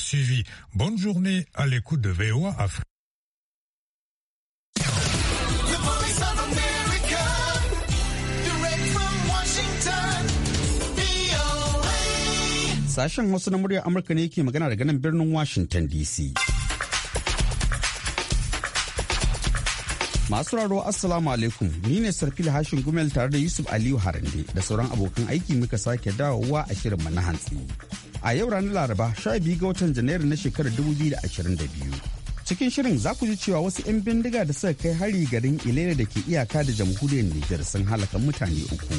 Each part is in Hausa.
suivi. Bonne journée à l'écoute de VOA Afrique. Sashen Hausa na muryar Amurka ne ke magana daga nan birnin Washington DC. Masu raro Assalamu alaikum ni ne Sarfil Hashin Gumel tare da Yusuf Aliyu Harande da sauran abokan aiki muka sake dawowa a shirin shirinmu na hantsi. A yau ranar Laraba 12 ga watan Janairu na shekarar 2022. cikin shirin za ku ji cewa wasu 'yan bindiga da suka kai hari garin ilele da ke iyaka da jamhuriyar nijar sun halaka mutane uku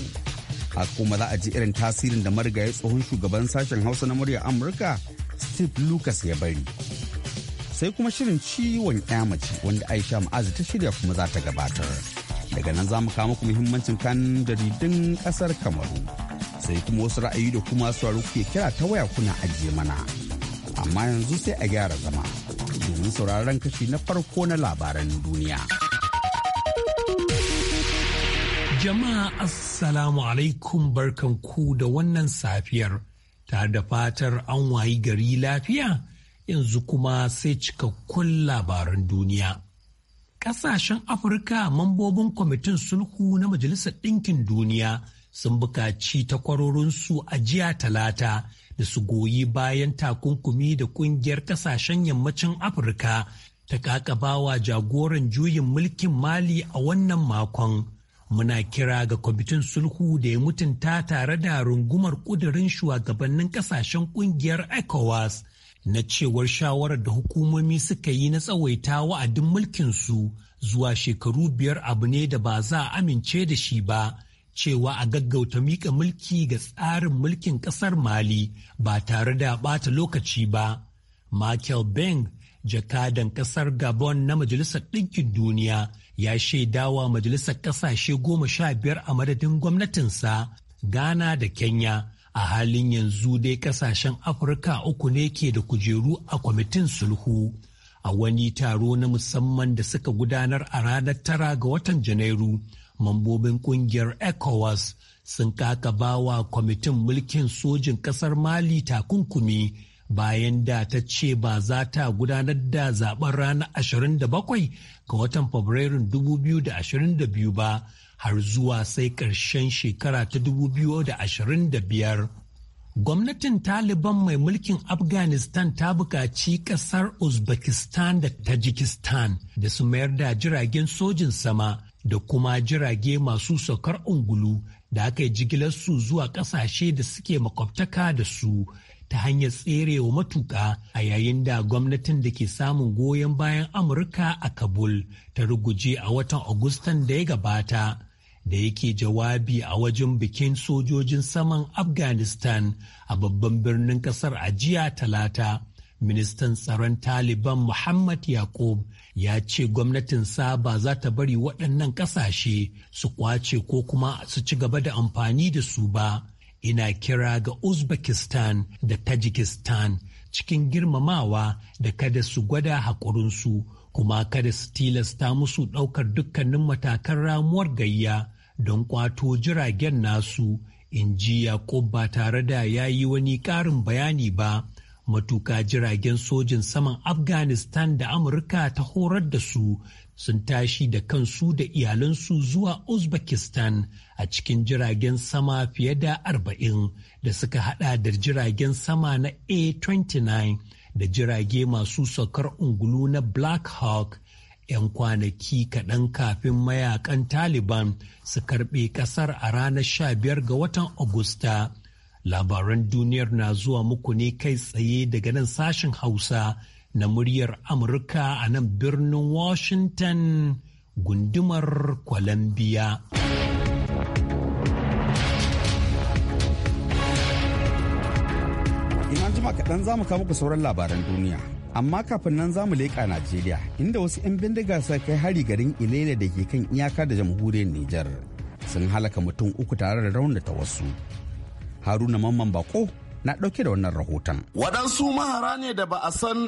a kuma za a ji irin tasirin da marigayi tsohon shugaban sashen hausa na murya amurka steve lucas ya bari sai kuma shirin ciwon mace wanda aisha ma'azu ta shirya kuma za ta gabatar daga nan za mu kawo muku muhimmancin kan jaridun kasar kamaru sai kuma wasu ra'ayi da kuma sauraro kuke kira ta waya kuna ajiye mana amma yanzu sai a gyara zama domin sauraron kashi na farko na labaran duniya jama'a assalamu alaikum barkanku da wannan safiyar ta da fatar an wayi gari lafiya yanzu kuma sai cikakkun labaran duniya. Ƙasashen Afirka mambobin kwamitin sulhu na Majalisar Ɗinkin Duniya sun buƙaci takwarorinsu a jiya talata da su goyi bayan takunkumi da ƙungiyar ƙasashen yammacin Afirka ta ƙaƙabawa jagoran juyin mulkin Mali a wannan makon. Muna kira ga kwamitin sulhu da ya mutunta tare da rungumar ƙudurin shugabannin ƙasashen ƙungiyar ECOWAS. na cewar shawarar da hukumomi suka yi na tsawaita wa'adin mulkin su zuwa shekaru biyar abu ne da ba za a amince da shi ba cewa a gaggauta miƙa mulki ga tsarin mulkin ƙasar mali ba tare da ɓata lokaci ba michael beng jakadan ƙasar gabon na majalisar ɗinkin duniya ya shaidawa majalisar ƙasashe goma sha biyar a madadin gwamnatinsa ghana da kenya a halin yanzu dai kasashen afirka uku ne ke da kujeru a kwamitin sulhu a wani taro na musamman da suka gudanar a ranar tara ga watan janairu mambobin kungiyar ecowas sun kakaba wa kwamitin mulkin sojin kasar mali takunkumi bayan da ta ce ba za ta gudanar da zaben ranar 27 ga watan fabrairun 2022 ba har zuwa sai ƙarshen shekara ta 2025. Gwamnatin Taliban mai mulkin Afghanistan ta buƙaci ƙasar Uzbekistan da Tajikistan da su mayar da jiragen sojin sama da kuma jirage masu saukar ungulu da aka yi su zuwa ƙasashe da suke makwabtaka da su ta hanyar tserewa matuƙa a yayin da gwamnatin da ke samun goyon bayan Amurka a Kabul ta ruguje a watan Agustan da ya gabata. da yake jawabi a wajen bikin sojojin saman afghanistan a babban birnin kasar a jiya talata ministan tsaron taliban muhammad yakub ya ce gwamnatinsa ba za ta bari waɗannan ƙasashe su kwace ko kuma su ci gaba da amfani da su ba ina kira ga uzbekistan da tajikistan cikin girmamawa da kada su gwada haƙurinsu kuma kada su tilasta musu ɗaukar dukkanin matakan ramuwar gayya don kwato jiragen nasu in ji Yakub ba tare da ya yi wani ƙarin bayani ba matuka jiragen sojin saman afghanistan da amurka ta horar da su sun tashi da kansu da iyalansu zuwa uzbekistan a cikin jiragen sama fiye da arba'in da suka hada da jiragen sama na a-29 da jirage masu saukar ungulu na black hawk 'yan kwanaki kaɗan kafin mayakan Taliban su karɓe ƙasar a ranar 15 ga watan Agusta. Labaran duniyar na zuwa muku ne kai tsaye daga nan sashen Hausa na muryar Amurka a nan birnin Washington gundumar Columbia. Ina jima kaɗan za mu kawo muku sauran labaran duniya. amma kafin nan zamu leƙa najeriya inda wasu 'yan bindiga sa kai hari garin ilele da ke kan iyaka da jamhuriyar nijar sun halaka mutum uku tare da raunata wasu haruna mamman bako na ɗauke da wannan rahoton. Waɗansu mahara ne da ba a san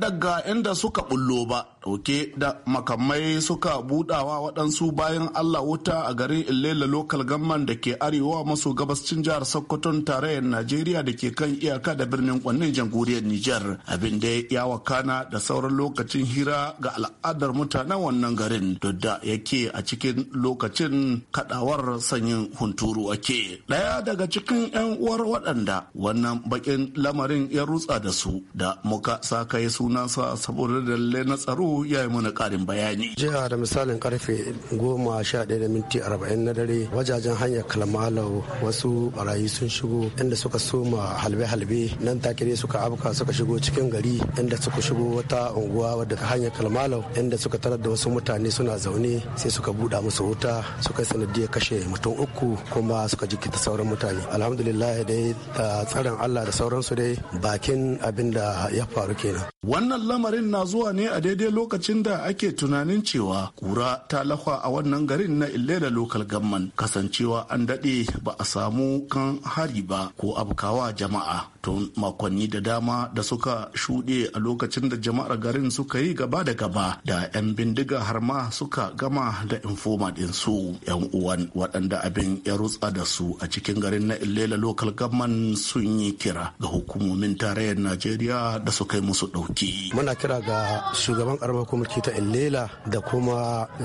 daga inda suka bullo ba ɗauke da makamai suka buɗawa waɗansu bayan Allah wuta a garin illela Local Gamman da ke arewa maso gabascin jihar Sokoton tarayyar Najeriya da ke kan iyaka da birnin kwannin jamhuriyar Nijar abin da ya wakana da sauran lokacin hira ga al'adar mutanen wannan garin duk da yake a cikin lokacin kaɗawar sanyin hunturu ake. Ɗaya daga cikin 'yan uwar waɗanda wannan bakin lamarin ya rutsa da su da muka sa kai sunansa saboda dalilai na tsaro ya yi mana karin bayani. Jiya da misalin karfe goma sha ɗaya da minti arba'in na dare wajajen hanyar kalmalau wasu barayi sun shigo inda suka soma halbe-halbe nan take suka Abuka, suka shigo cikin gari inda suka shigo wata unguwa wadda hanyar kalmalau inda suka tarar da wasu mutane suna zaune sai suka buɗa musu wuta suka sanadiyar kashe mutum uku kuma suka jikita sauran mutane alhamdulillah dai da karin Allah da sauransu dai bakin abin da ya faru kenan. Wannan lamarin na zuwa ne a daidai lokacin da ake tunanin cewa kura ta lafa a wannan garin na ille da lokal gamman kasancewa an daɗe ba a samu kan hari ba ko abkawa jama'a tun makonni da dama da suka shuɗe a lokacin da jama'ar garin suka yi gaba da gaba da 'yan bindiga har ma suka gama da infoma ɗinsu 'yan uwan waɗanda abin ya rutsa da su a cikin garin na illela lokal gaman sun yi kira ga hukumomin tarayyar najeriya da su kai musu ɗauki muna kira ga shugaban karamar kwamiti ta illela da kuma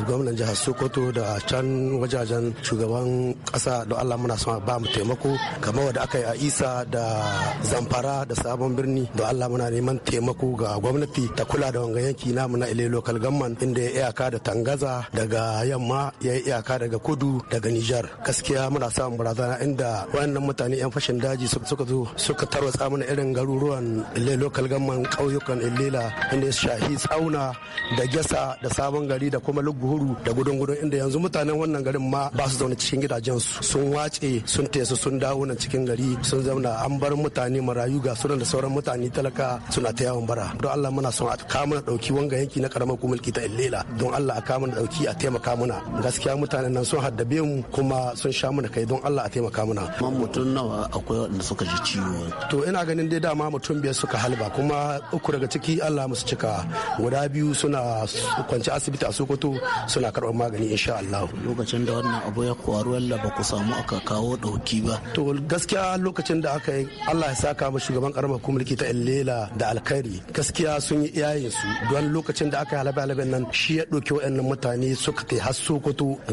gwamnan jihar sokoto da can wajajen shugaban ƙasa don allah muna son ba mu taimako kamar wanda aka yi a isa da zamfara da sabon birni da allah muna neman taimako ga gwamnati ta kula da wanga yanki namu na ile local gamman inda ya iyaka da tangaza daga yamma ya yi iyaka daga kudu daga nijar gaskiya muna samun barazana inda wayannan mutane yan fashin daji suka zo suka tarwatsa mana irin garuruwan ile local gamman ƙauyukan ilela inda ya shahi tsauna da gesa da sabon gari da kuma luguhuru da gudun gudun inda yanzu mutanen wannan garin ma ba su zaune cikin gidajensu sun wace sun tesa sun dawo nan cikin gari sun zauna an bar mutane mutane marayu ga sunan da sauran mutane talaka suna ta yawon bara don Allah muna son a kama dauki wanga yanki na karamar hukumar ta illela don Allah a kama dauki a taimaka muna gaskiya mutanen nan sun haddabe mu kuma sun sha mana kai don Allah a taimaka muna man mutun nawa akwai wanda suka ji ciwo to ina ganin dai dama mutum biyar suka halba kuma uku daga ciki Allah musu cika guda biyu suna kwanci asibiti a Sokoto suna karɓar magani insha Allah lokacin da wannan abu ya faru Allah ba ku samu aka kawo dauki ba to gaskiya lokacin da aka yi Allah ya saka ma shugaban karamar mulki ta illela da Alkari gaskiya sun yi iyayen su don lokacin da aka halabe halaben nan shi ya ɗauki waɗannan mutane suka kai har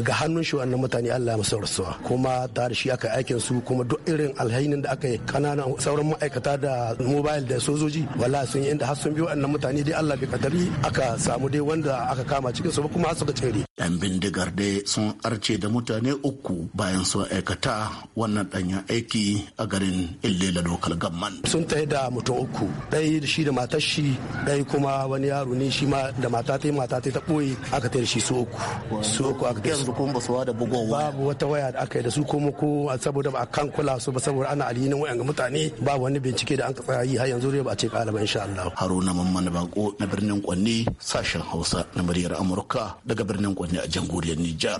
ga hannun shi waɗannan mutane Allah ya rasuwa kuma da shi aka aikin su kuma duk irin alhainin da aka yi kananan sauran ma'aikata da mobile da sojoji wala sun yi inda har sun biyo waɗannan mutane dai Allah bai kadari aka samu dai wanda aka kama cikin su ba kuma har suka cire. Yan bindigar dai sun arce da mutane uku bayan sun aikata wannan ɗanyen aiki a garin Ellela Lokal gamman sun tafi da mutum uku ɗaya shi da matar shi ɗaya kuma wani yaro ne shi ma da mata ta mata ta ɓoye aka tayar shi su uku su uku aka tayar yanzu kuma basu da babu wata waya da aka yi da su ko ko saboda ba a kan kula su ba saboda ana alhinin wayan ga mutane ba wani bincike da an tsaya yi har yanzu ba a ce ƙalaba insha Allah Haruna Mamman Bako na birnin Kwanne sashen Hausa na muryar Amurka daga birnin Kwanne a jamhuriyar Nijar.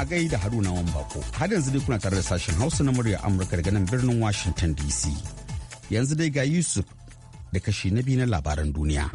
a gaida Haruna Wambako. Har yanzu dai kuna tare da sashen Hausa na murya Amurka daga nan birnin Washington DC. Yanzu dai ga Yusuf da kashi na biyu na labaran duniya.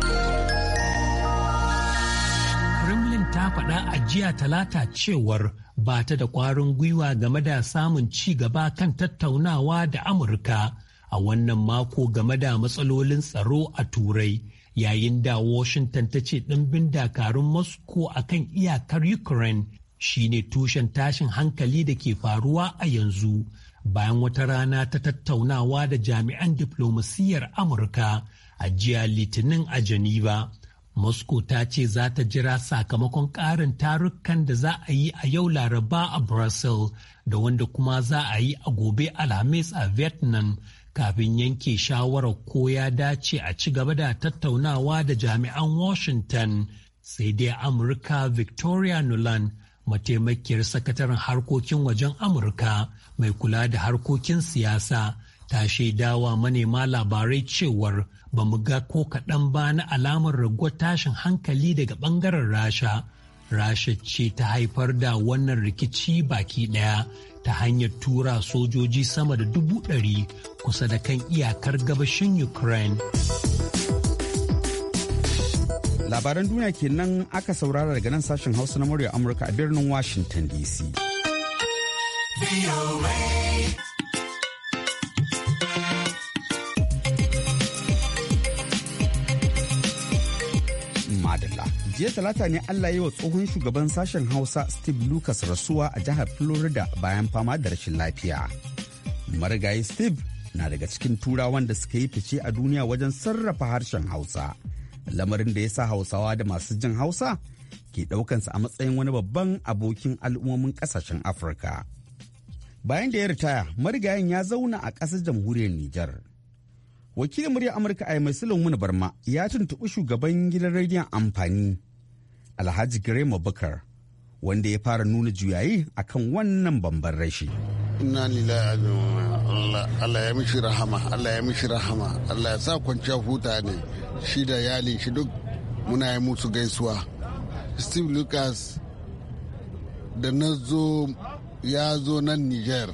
Kremlin ta faɗa a jiya talata cewar ba ta da ƙwarin gwiwa game da samun ci gaba kan tattaunawa da Amurka a wannan mako game da matsalolin tsaro a Turai. yayin da Washington ta ce ɗimbin dakarun Moscow a kan iyakar Ukraine shine tushen tashin hankali da ke faruwa a yanzu bayan wata rana ta tattaunawa da jami'an diplomasiyyar Amurka a jiya Litinin a Geneva. Moscow ta ce za ta jira sakamakon ƙarin tarukan da za a yi a yau Laraba a Brussels da wanda kuma za a yi a gobe Alhamis a Vietnam kafin yanke shawarar ko ya dace a ci gaba da tattaunawa da jami'an Washington. Sai dai Amurka Victoria nolan. mataimakiyar sakataren harkokin wajen amurka mai kula da harkokin siyasa ta shaidawa manema labarai cewar ba mu ga ko kaɗan ba na alamar raguwar tashin hankali daga ɓangaren rasha rasha ce ta haifar da wannan rikici baki ɗaya ta hanyar tura sojoji sama da dubu ɗari kusa da kan iyakar gabashin ukraine Labaran duniya kenan aka saurara daga nan sashen Hausa na murya Amurka a birnin Washington DC. Jiya talata ne Allah yi wa tsohon shugaban sashen Hausa Steve Lucas rasuwa a jihar Florida bayan fama da rashin lafiya. Marigayi Steve na daga cikin turawan da suka yi fice a duniya wajen sarrafa harshen Hausa. lamarin da ya sa hausawa da masu jin hausa ke ɗaukansa a matsayin wani babban abokin al'ummomin ƙasashen afirka bayan da ya ritaya marigayin ya zauna a ƙasar jamhuriyar nijar wakilin muryar amurka a mai barma ya tuntuɓi shugaban gidan rediyon amfani alhaji girema bukar wanda ya fara nuna juyayi akan wannan babban rashi. inna lillahi Allah Allah ya mishi rahama Allah ya mishi rahama Allah ya sa kwanciyar huta ne shi da yali shi duk muna yi musu gaisuwa Steve Lucas da na zo ya zo nan Niger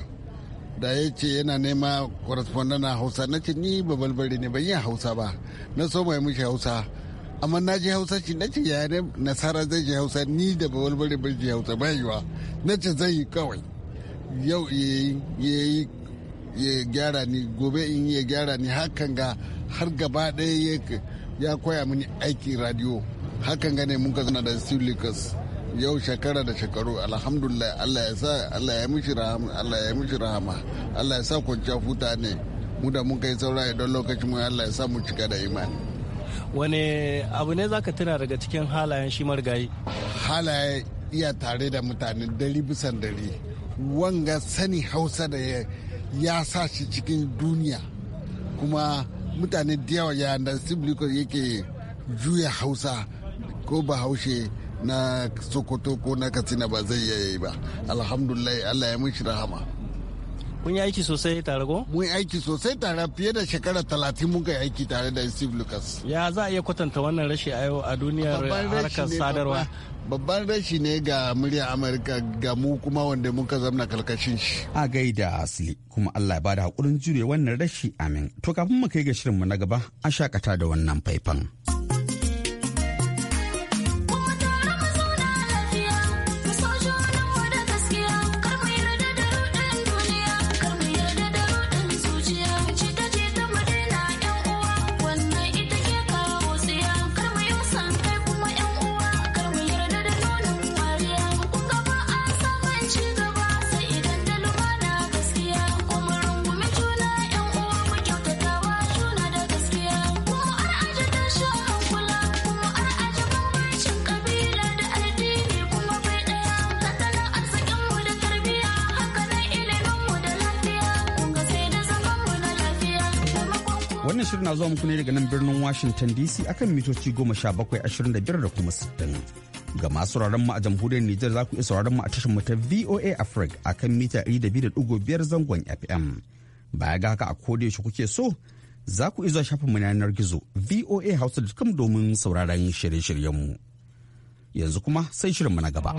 da ya ce yana nema correspondent na Hausa na ce ni ba balbare ne ban yi Hausa ba na so mai mishi Hausa amma na ji hausa shi na ce yare nasara zai ji hausa ni da bawal bari bai ji hausa bai yiwa na ce zai yi kawai yau yayi ya gyara ni gobe in ya gyara ni hakan ga har gaba ɗaya ya koya mini aikin radio hakan gane mun ka zana da steve lucas yau shekara da shekaru alhamdulillah allah ya sa allah ya mishi rahama allah ya mishi rahama allah ya sa kwanciya futa ne mu da mun kai saura idan lokacin mu allah ya sa mu cika da imani wani abu ne zaka tuna daga cikin halayen shi marigayi halaye iya tare da mutane dari bisan dari wanga sani hausa da ya sa shi cikin duniya kuma mutane da yawa ya da yake juya hausa ko bahaushe na sokoto ko na katsina ba zai iya yi ba alhamdulillah allah ya mishi rahama kun yi aiki sosai tare ko? mun yi aiki sosai tare fiye da shekara talatin mun kai aiki tare da steve lucas ya za a iya kwatanta wannan rashi a yau a duniyar harkar sadarwa babban rashi ne ga murya amurka ga mu kuma wanda muka zamna kalkashin shi a gaida asali kuma allah ya bada hakurin jure wannan rashi amin to kafin mu kai ga shirinmu na gaba a shakata da wannan faifan zuwa muku ne daga nan birnin Washington DC akan mitoci 1725 da kuma 60. Ga masu sauraron mu a jamhuriyar Nijar za ku iya sauraron mu a tashar mu ta VOA Africa akan mita 200.5 zangon FM. Baya ga haka a koda yaushe kuke so za ku iya zuwa shafin mu na yanar gizo voahausa.com domin sauraron shirye-shiryen mu. Yanzu kuma sai shirin mu na gaba.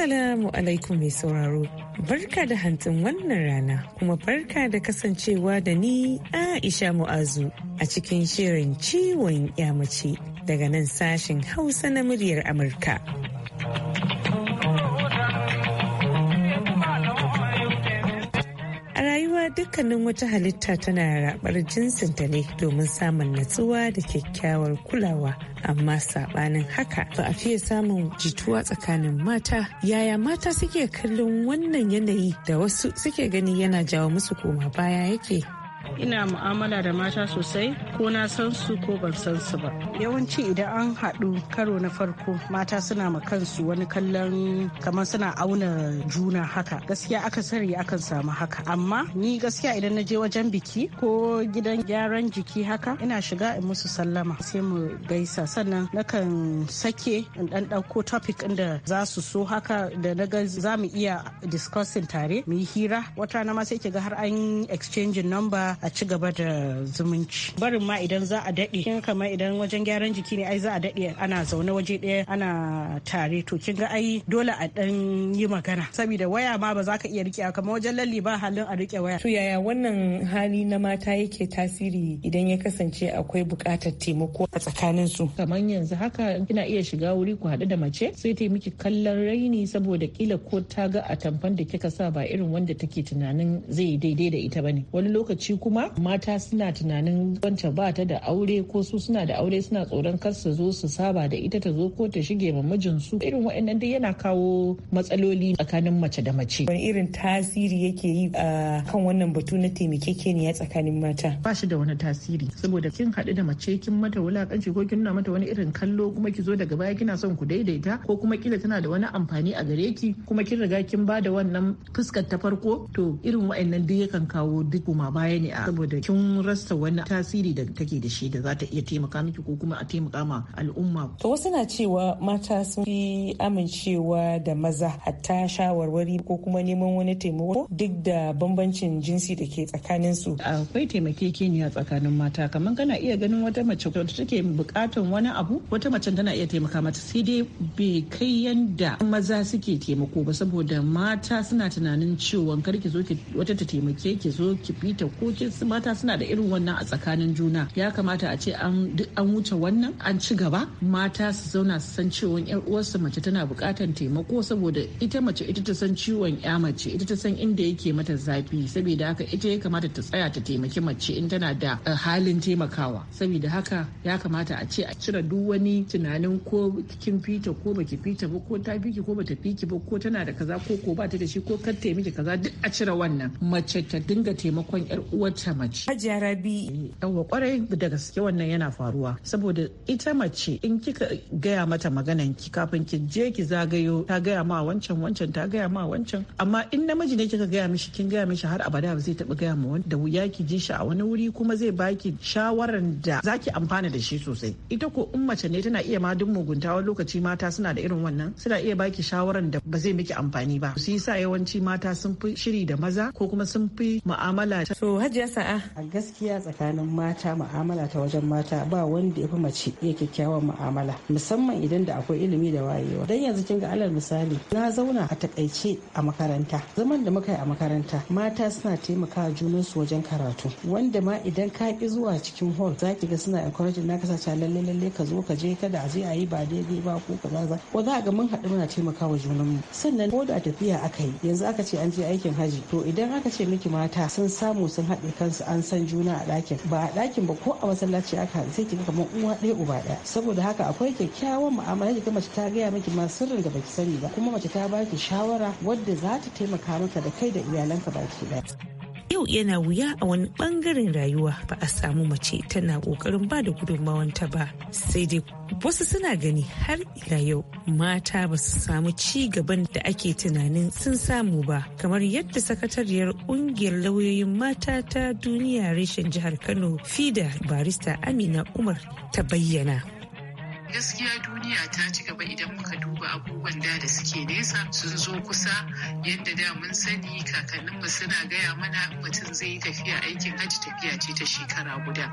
Assalamu alaikum mai sauraro. Barka da hantsin wannan rana kuma barka da kasancewa da ni Aisha Mu'azu a cikin shirin ciwon yamace daga nan sashen Hausa na muryar Amurka. cewa dukkanin wata halitta tana rabar jinsinta ne domin samun natsuwa da kyakkyawar kulawa amma saɓanin haka ba a fiye samun jituwa tsakanin mata yaya mata suke kallon wannan yanayi da wasu suke gani yana jawo musu koma baya yake ina mu'amala da mata sosai ko na san su ko ban san su ba yawanci idan an haɗu karo na farko mata suna ma kansu wani kallon kamar suna auna juna haka gaskiya aka sari akan samu haka amma ni gaskiya idan na je wajen biki ko gidan gyaran jiki haka ina shiga in musu sallama sai mu gaisa sannan nakan sake in dan ɗauko topic inda za su so haka da na ga za mu iya discussing tare mu yi hira wata na ma sai ga har an exchange number a a ci gaba da zumunci barin ma idan za a daɗe kin kamar idan wajen gyaran jiki ne ai za a daɗe ana zaune waje ɗaya ana tare to kin ga ai dole a dan yi magana saboda waya ma ba za ka iya rike kamar wajen lalle ba halin a rike waya to yaya wannan hali na mata yake tasiri idan ya kasance akwai buƙatar taimako a tsakanin su kamar yanzu haka kina iya shiga wuri ku haɗu da mace sai ta miki kallon raini saboda kila ko ta ga atamfan da kika sa ba irin wanda take tunanin zai daidai da ita bane wani lokaci kuma dama mata suna tunanin wance ba ta da aure ko su suna da aure suna tsoron kar su zo su saba da ita ta zo ko ta shige ma mijinsu irin waɗannan dai yana kawo matsaloli tsakanin mace da mace wani irin tasiri yake yi a kan wannan batu na taimakekeniya tsakanin mata ba shi da wani tasiri saboda kin haɗu da mace kin mata wulakanci ko kin nuna mata wani irin kallo kuma ki zo daga baya kina son ku daidaita ko kuma kila tana da wani amfani a gare ki kuma kin riga kin ba da wannan fuskar ta farko to irin waɗannan duk yakan kawo duk ma baya ne saboda kin rasa wani tasiri da take da shi da za ta iya taimaka miki ko kuma a taimaka ma al'umma to wasu na cewa mata sun fi amincewa da maza hatta shawarwari ko kuma neman wani taimako duk da bambancin jinsi da ke tsakanin su akwai taimakekeniya tsakanin mata kamar kana iya ganin wata mace ta take bukatan wani abu wata mace tana iya taimaka mata sai dai bai kai yanda maza suke taimako ba saboda mata suna tunanin cewa kar ki zo wata ta taimake ki zo ki fita ko ki su mata suna da irin wannan a tsakanin juna ya kamata a ce an wuce wannan an ci gaba mata su zauna su san ciwon yar uwarsa mace tana bukatan taimako saboda ita mace ita ta san ciwon ya mace ita ta san inda yake mata zafi saboda haka ita ya kamata ta tsaya ta taimaki mace in tana da eh, halin taimakawa saboda haka ya kamata a ce a cire duk wani tunanin ko kin fita ko baki fita ba ko ta fiki ko bata fiki ba ko tana da kaza ko ko ba da shi ko kar taimaki kaza duk a cire wannan mace ta dinga taimakon yar uwarta kowace mace. Hajiya Rabi. Yawwa kwarai da gaske wannan yana faruwa saboda ita mace in kika gaya mata maganan ki kafin ki je ki zagayo ta gaya ma wancan wancan ta gaya ma wancan amma in namiji ne kika gaya mishi kin gaya mishi har abada ba zai taba gaya ma wanda wuya ki ji shi a wani wuri kuma zai baki shawaran da zaki amfana da shi sosai ita ko in mace ne tana iya ma duk mugunta wani lokaci mata suna da irin wannan suna iya baki shawaran da ba zai miki amfani ba su sa yawanci mata sun fi shiri da maza ko kuma sun fi mu'amala. to hajiya sa'a a gaskiya tsakanin mata ma'amala ta wajen mata ba wanda ya fi mace iya kyakkyawan ma'amala, musamman idan da akwai ilimi da wayewa dan yanzu kin ga alal misali na zauna a takaice a makaranta zaman da muka yi a makaranta mata suna taimaka junan su wajen karatu wanda ma idan ka ki zuwa cikin hall zaki ga suna encouraging naka sace lalle lalle ka zo ka je kada a je a yi ba daidai ba ko kaza za ko za ga mun haɗu muna taimakawa junanmu sannan ko da tafiya aka yi yanzu aka ce an je aikin haji to idan aka ce miki mata sun samu sun haɗe kansu an san juna a ɗakin ba a ɗakin ba ko a masallaci aka sai kika kamar uwa ɗaya uba ɗaya saboda haka akwai kyakkyawan mu'amala kika mace ta gaya miki ma sirrin da baki sani ba kuma mace ta baki shawara wadda za ta taimaka maka da kai da iyalanka baki ɗaya. yau yana wuya a wani bangaren rayuwa ba a samu mace tana kokarin ba da gudunmawanta ba sai dai wasu suna gani har ila yau mata ba su samu ci gaban da ake tunanin sun samu ba kamar yadda sakatariyar kungiyar lauyoyin mata ta duniya reshen jihar kano fida barista amina umar ta bayyana gaskiya duniya ta ci gaba idan muka duba abubuwan da da suke nesa sun zo kusa yadda da mun sani kakanninmu suna gaya mana mutum zai yi tafiya aikin hajji tafiya ce ta shekara guda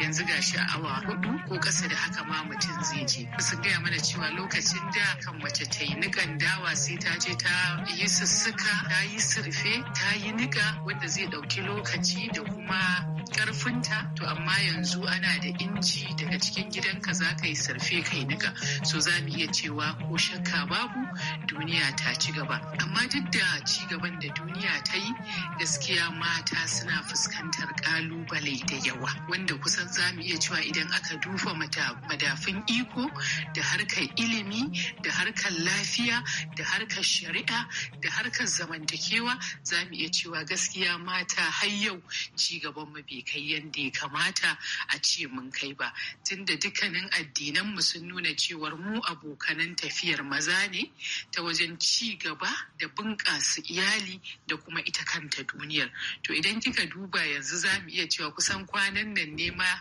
yanzu ga shi awa hudu ko kasa da haka ma mutum zai je sun gaya mana cewa lokacin da kan mace ta yi nikan dawa sai ta je ta yi sussuka ta yi surfe ta yi nika wanda zai ɗauki lokaci da kuma karfinta to amma yanzu ana da inji daga cikin gidanka za ka yi sarfe kai nika so za mu iya cewa ko shakka babu duniya ta ci gaba amma duk da ci gaban da duniya ta yi gaskiya mata suna fuskantar kalubale da yawa wanda kusan za mu iya cewa idan aka dufa madafin iko da harkar ilimi da harkar lafiya da harkar shari'a da harkar zamantakewa za mu iya cewa gaskiya mata har yau ci gaban mu bai kai yadda ya kamata a ce mun kai ba tunda dukkanin addinan mu sun nuna cewar mu abokanan tafiyar maza ne ta wajen ci gaba da bunƙasa iyali da kuma ita kanta duniyar to idan kika duba yanzu za mu iya cewa kusan kwanan nan ne ma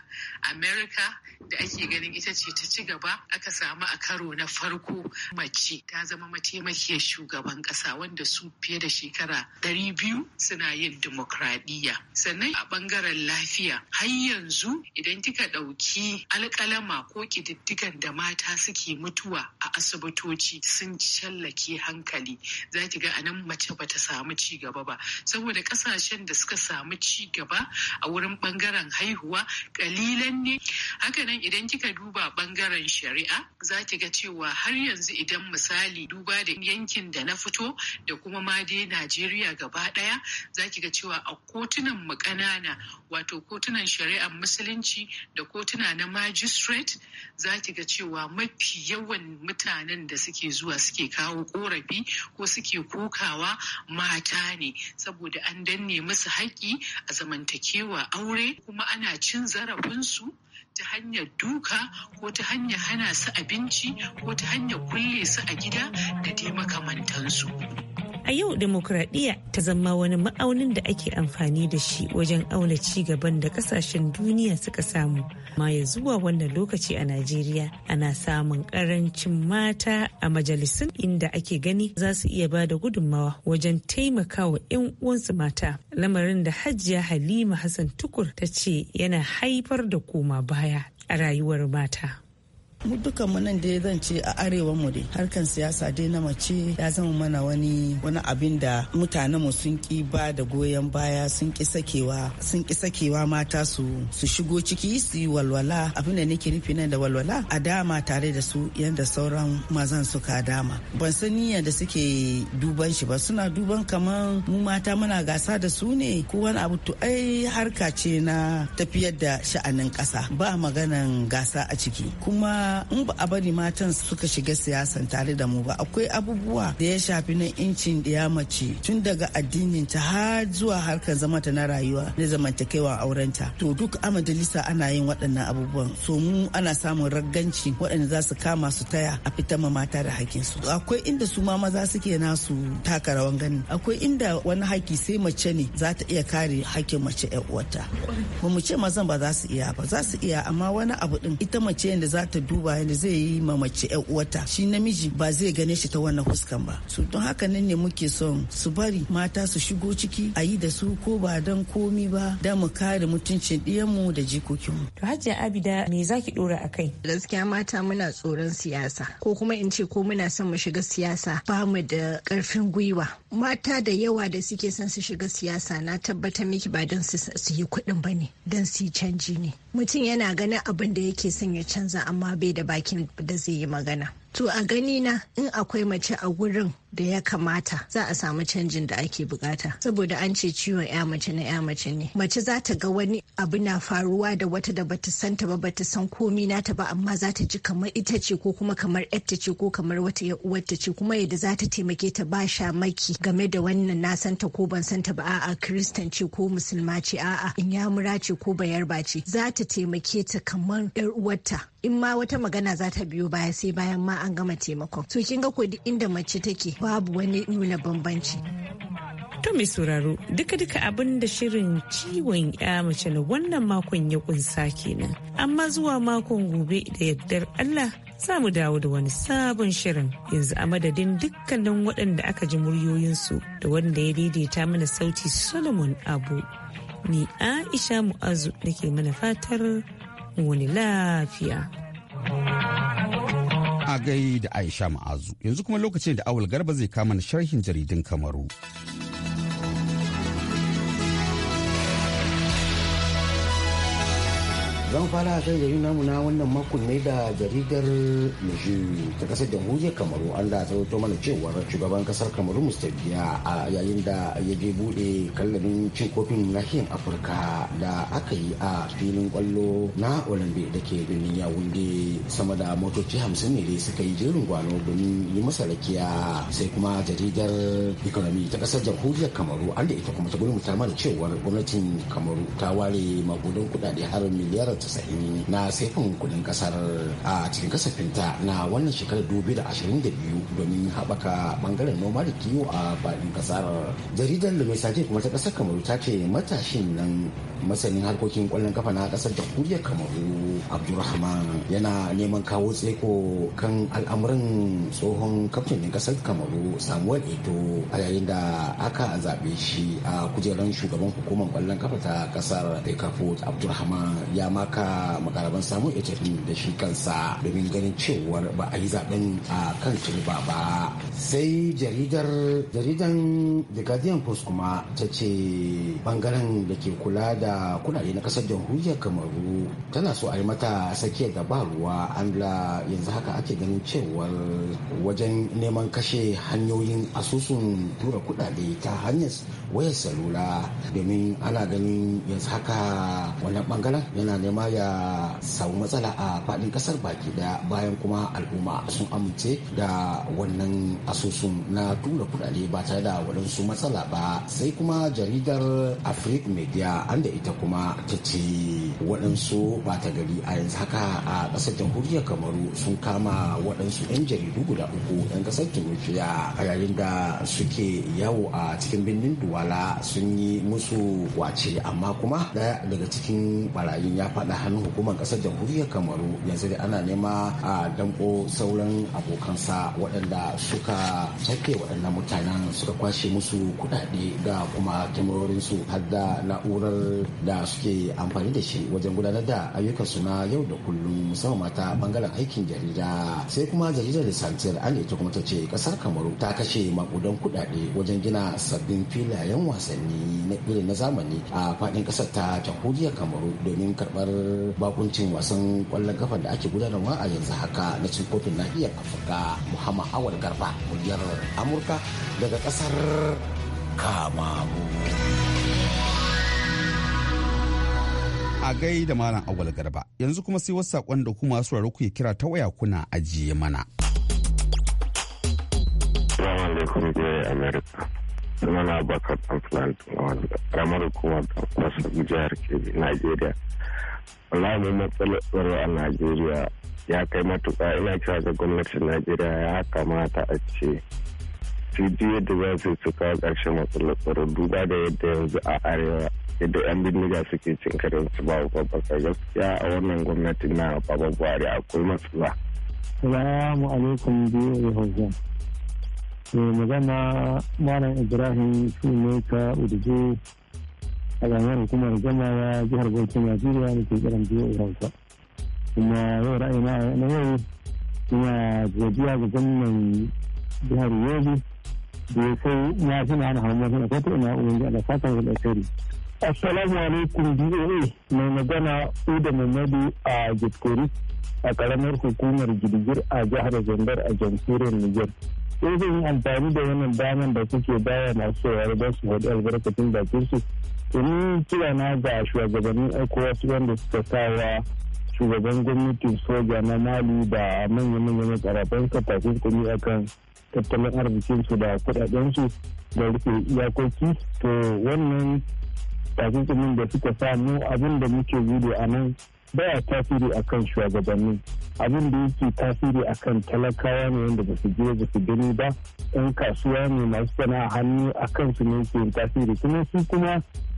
america da ake ganin ita ce ta ci gaba aka samu a karo na farko mace ta zama mataimakiyar shugaban ƙasa wanda su fiye da shekara 200 suna yin dimokuraɗiyya sannan a ɓangaren lafiya har yanzu idan kika ɗauki alƙalama ko ƙididdigan da mata suke mutuwa a asibitoci sun shallake hankali za ki ga anan mace ba ta samu ci gaba ba saboda ƙasashen da suka samu ci gaba a wurin ɓangaren haihuwa ƙalilan ne hakanan idan kika duba ɓangaren shari'a za ki ga cewa har yanzu idan misali duba da yankin da na fito da kuma ma dai najeriya gaba ɗaya za ki ga cewa a kotunan mu ƙanana wato kotunan shari'ar musulunci da kotuna na magistrate za ki ga cewa mafi yawan mutanen da suke zuwa suke kawo korafi ko suke kokawa mata ne saboda an danne musu haƙƙi a zamantakewa aure kuma ana cin zarafinsu ta hanyar duka ko ta hanyar hana su abinci ko ta hanyar kulle su a gida da dai makamantansu. A yau demokradiyya ta zama wani ma'aunin da ake amfani da shi wajen auna ci gaban da kasashen duniya suka samu. Ma ya zuwa wannan lokaci a Najeriya ana samun karancin mata a majalisun inda ake gani za su iya ba da gudunmawa wajen taimakawa 'yan uwansu mata. Lamarin da Hajiya Halima Hassan Tukur ta ce yana haifar da koma baya a rayuwar mata. mu dukan mu nan dai zan ce a arewa mu dai harkan siyasa dai na mace ya zama mana wani wani abin da mutanen mu sun ki ba da goyon baya sun ki sakewa sun ki sakewa mata su su shigo ciki su yi walwala abin da nake nufi nan da walwala a dama tare da su yanda sauran mazan suka dama ban san niyya da suke duban shi ba suna duban kaman mu mata muna gasa da su ne ko wani abu to ai harka ce na tafiyar da sha'anin kasa ba maganan gasa a ciki kuma in ba a bari matan suka shiga siyasan tare da mu ba akwai abubuwa da ya shafi na incin ɗiya mace tun daga addinin ta har zuwa harkar zama ta na rayuwa na zamantakewa aurenta to duk a majalisa ana yin waɗannan abubuwan so mu ana samun ragganci waɗanda za su kama su taya a fitar ma mata da su akwai inda su ma maza suke nasu taka rawan gani akwai inda wani haki sai mace ne za ta iya kare hakkin mace yan uwarta ba mu ce mazan ba za su iya ba za su iya amma wani abu din ita mace yadda za ta duba duba yadda zai yi ma mace yan uwata shi namiji ba zai gane shi ta wannan fuskan ba su don haka nan ne muke son su bari mata su shigo ciki a yi da su ko ba don komi ba da mu kare mutuncin ɗiyanmu da jikokinmu. to hajiya abida me zaki dora a kai. gaskiya mata muna tsoron siyasa ko kuma in ce ko muna son mu shiga siyasa ba mu da karfin gwiwa mata da yawa da suke son su shiga siyasa na tabbata miki ba don su yi kuɗin ba ne don su yi canji ne mutum yana ganin abin da yake son ya canza amma bai da bakin da zai yi magana To a gani na in akwai mace a gurin da ya kamata za a samu canjin da ake bukata. Saboda an ce ciwon ya mace na ya mace ne. Mace za ta ga wani abu na faruwa da wata da bata san ta ba bata san komi na ta ba amma za ta ji kamar ita ce ko kuma kamar ta ce ko kamar wata ya uwarta ce kuma yadda za ta taimake ta ba sha maki game da wannan na san ko ban san ba a'a kristan ce ko musulma ce a'a mura ce ko bayarba ce za ta taimake ta kamar yar uwarta in ma wata magana za ta biyo baya sai bayan ma an gama taimakon so kin ga ko inda mace take babu wani nuna bambanci To mai sauraro duka-duka abin da shirin ciwon ya mace na wannan makon ya kunsa kenan. Amma zuwa makon gobe da yardar Allah za mu dawo da wani sabon shirin yanzu a madadin dukkanin waɗanda aka ji muryoyinsu da wanda ya daidaita mana sauti Solomon Abu. Ni Aisha Mu'azu ke mana fatar wani lafiya. agai da Aisha Ma'azu. Yanzu kuma lokacin da Awul Garba zai kama sharhin jaridun Kamaru. zan fara shan namu na wannan makon ne da jaridar Niger ta kasar jamhuriyar Kamaru an da ta mana cewar shugaban kasar Kamaru Mr. Biya a yayin da ya je bude kallabin cin kofin nahiyar Afirka da aka yi a filin kwallo na Olambe da ke birnin wunde sama da motoci hamsin ne dai suka yi jerin gwano domin yi masa rakiya sai kuma jaridar Economy ta kasar jamhuriyar Kamaru an da ita kuma ta gudunmu ta mana cewar gwamnatin Kamaru ta ware magudan kudade har miliyar casa'in na saifin kudin kasar a cikin kasafinta na wannan shekarar 2022 biyu domin haɓaka bangaren noma da kiwo a faɗin kasar jaridar lumisaje kuma ta ƙasar kamaru ta ce matashin nan masanin harkokin kwallon kafa na kasar jamhuriyar kamaru abdulrahman yana neman kawo tseko kan al'amuran tsohon kaftin kasar kamaru samuel eto a yayin da aka zaɓe shi a kujeran shugaban hukumar kwallon kafa ta kasar dekafot abdulrahman ya maka makaraban samun eto da shi kansa domin ganin cewar ba a yi zaɓen a kan turba ba sai jaridar jaridan the guardian post kuma ta ce bangaren da ke kula da da kudade na kasar jamhuriyar kamaru tana so a yi mata tsakiyar da ba ruwa an da yanzu haka ake ganin cewar wajen neman kashe hanyoyin asusun tura kudade ta hanyar wayar salula domin ana ganin yanzu haka wannan bangaren yana nema ya samu matsala a faɗin kasar baki da bayan kuma al'umma sun amince da wannan asusun na tura kudade ba tare da waɗansu matsala ba sai kuma jaridar afrik media an da ita kuma ta ce waɗansu ta gari a yanzu haka a ƙasar jamhuriyar kamaru sun kama waɗansu 'yan jaridu guda uku 'yan ƙasar turkiya a yayin da suke yawo a cikin birnin duwala sun yi musu wace amma kuma ɗaya daga cikin barayin ya faɗa hannun hukumar ƙasar jamhuriyar kamaru yanzu da ana nema a danko sauran abokansa waɗanda suka cafke waɗannan mutanen suka kwashe musu kuɗaɗe ga kuma kimarorinsu har da na'urar da suke amfani da shi wajen gudanar da ayyukan su na yau da kullum musamman mata bangaren aikin jarida sai kuma jaridar da santiyar an ita kuma ta ce kasar kamaru ta kashe makudan kudade wajen gina sabbin filayen wasanni na irin na zamani a fadin kasar ta jamhuriyar kamaru domin karbar bakuncin wasan kwallon kafa da ake gudanarwa a yanzu haka na cin kofin nahiyar afirka muhammad awal garba muryar amurka daga kasar kamaru. a gai da malam awal garba yanzu kuma sai wasu saƙon da kuma su ku ya kira ta waya kuna ajiye mana Salamu alaikum biyoyi Amerika. Sunana Bakar Plant ramar hukumar wasu jihar Kebbi, Najeriya. Wallahi mu matsalar tsaro a Najeriya ya kai matuƙa ina kira ga gwamnatin Najeriya ya kamata a ce su ji yadda za su su kawo ƙarshen matsalar tsaro duba da yadda yanzu a arewa yadda 'yan bindiga suke cin karin su ba babbaka gaskiya a wannan gwamnati na baba buhari akwai matsala. salamu alaikum biyu hausa mai magana malam ibrahim su ne ka udujo a gangar hukumar gama jama'a jihar bauchi najeriya da ke kiran biyu hausa kuma yau ra'ayi na na yau ina godiya ga gwamnan jihar yobe da ya sai na suna hana hawan masu na kwato ina ubangiji da fatan da alkhairi Assalamu alaikum DOA mai magana Uda Mamadu a Jitkori a karamar hukumar girgir a jihar Zandar a jamhuriyar Nijar. Ko yi amfani da wannan damar da kuke bawa na cewa da su faɗi albarkacin bakin su. Tuni kira na ga shugabannin ECOWAS wanda suka wa shugaban gwamnatin soja na Mali da manya-manyan karafan kafafin a akan tattalin arzikinsu da kudadensu da rufe iyakoki to wannan takunkumin da suka sa mu abin da muke gudu a nan baya tasiri akan shugabanni abin da yake tasiri akan talakawa ne wanda ba su je ba su gani ba yan kasuwa ne masu sana'a hannu a kan su ne yake tasiri kuma su kuma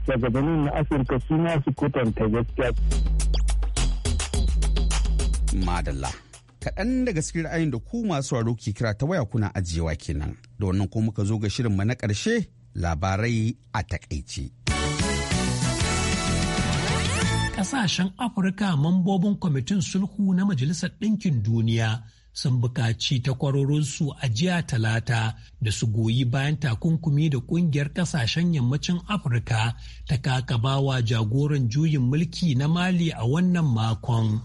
shugabannin na afirka su ma su kutanta gaskiya. madalla kaɗan daga cikin ra'ayin da ku masu waro ke kira ta waya kuna ajiyewa kenan da wannan kuma muka zo ga shirin mu na ƙarshe labarai a takaice. Ƙasashen Afirka mambobin kwamitin sulhu na Majalisar Ɗinkin Duniya sun buƙaci takwarorinsu a jiya talata da su goyi bayan takunkumi da ƙungiyar ƙasashen yammacin Afirka ta kakabawa jagoran juyin mulki na Mali a wannan makon.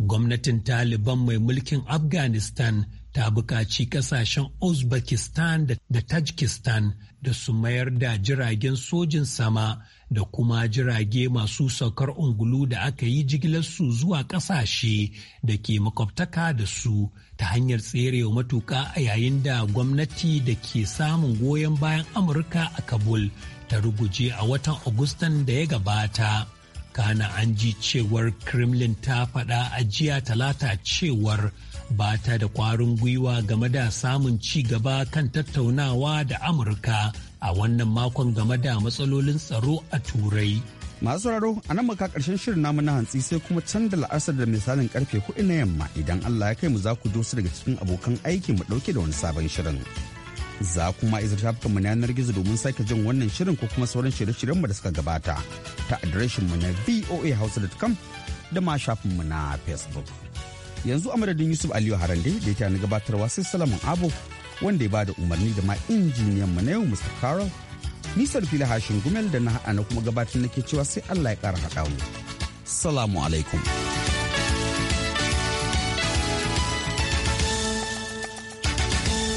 Gwamnatin Taliban mai mulkin Afghanistan ta buƙaci ƙasashen uzbekistan da tajikistan da su mayar da jiragen sojin sama da kuma jirage masu saukar ungulu da aka yi jigilarsu zuwa ƙasashe da ke makwabtaka da su ta hanyar tserewa matuƙa a yayin da gwamnati da ke samun goyon bayan amurka a kabul ta ruguje a watan agustan da ya gabata kana an ji cewar kremlin ta faɗa a jiya talata cewar ba ta da kwarin gwiwa game da samun ci gaba kan tattaunawa da Amurka a wannan makon game da matsalolin tsaro a Turai. Masu sauraro a nan muka karshen shirin namu na hantsi sai kuma can da la'asar da misalin karfe kuɗi na yamma idan Allah ya kai mu za ku dosu daga cikin abokan aiki mu ɗauke da wani sabon shirin. za kuma izar shafukan mu na yanar gizo domin sake jin wannan shirin ko kuma sauran shirye-shiryen mu da suka gabata ta adireshin mu na hausa.com da ma shafin mu na facebook yanzu a madadin yusuf aliyu harande da yake na gabatarwa sai salamin abu wanda ya bada umarni da ma injiniyan mu na yau mr carol nisar fili hashin gumel da na haɗa na kuma gabatar nake cewa sai allah ya ƙara haɗa mu salamu alaikum